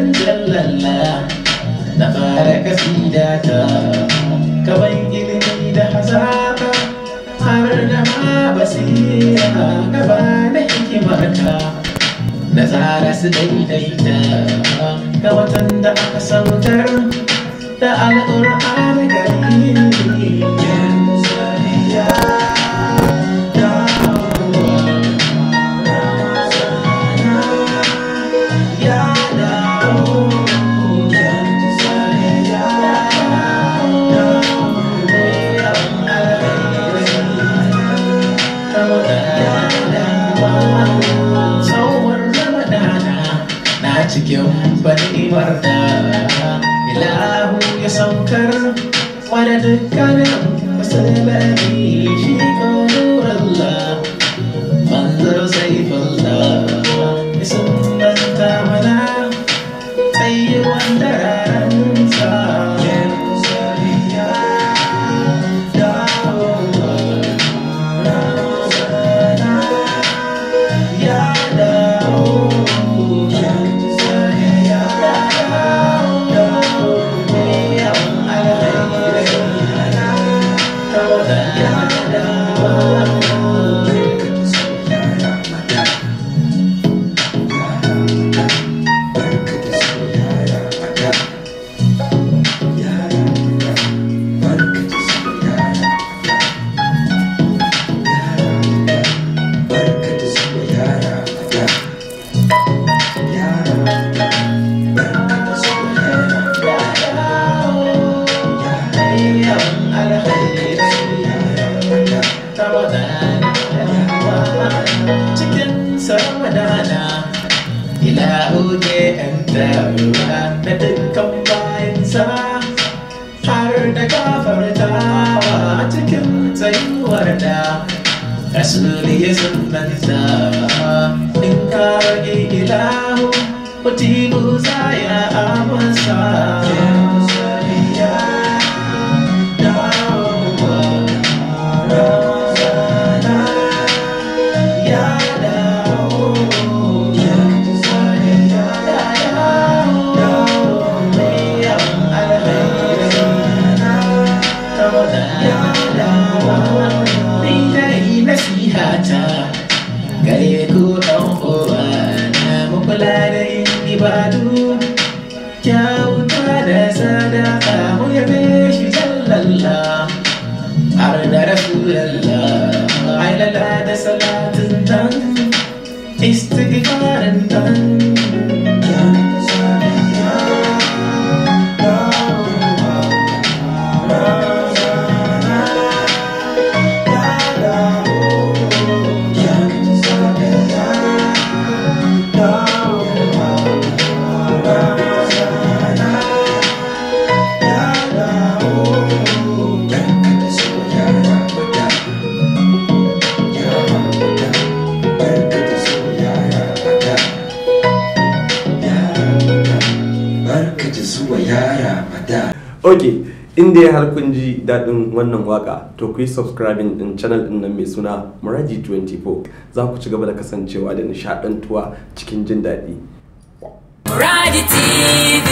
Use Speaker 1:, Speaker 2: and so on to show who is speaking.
Speaker 1: lallalla na fara kasida ta kaban ilimi da hazaka har da ma basira gaba na hikimarka na tsara su daidaita ga watan da aka sautar da al'ur'an gari kyau ni'imar da ilahu ya saukar mana dukkanin musulmani shi kawai إلهنا أنت برحمتك كفاية har da gafarta a cikin tsayuwar da rasuli ya sunanta in ka rage ilahu uti za ya ibadu kyauta da sadaka mu yabe shi jallalla har da rasulallah ailala da salatin dan istighfarin dan ok inda ya har kun ji daɗin wannan waka to ku yi subscribing din channel din nan mai suna muraji 24 za ku ci gaba da kasancewa da nishaɗantuwa cikin jin daɗi muraji tv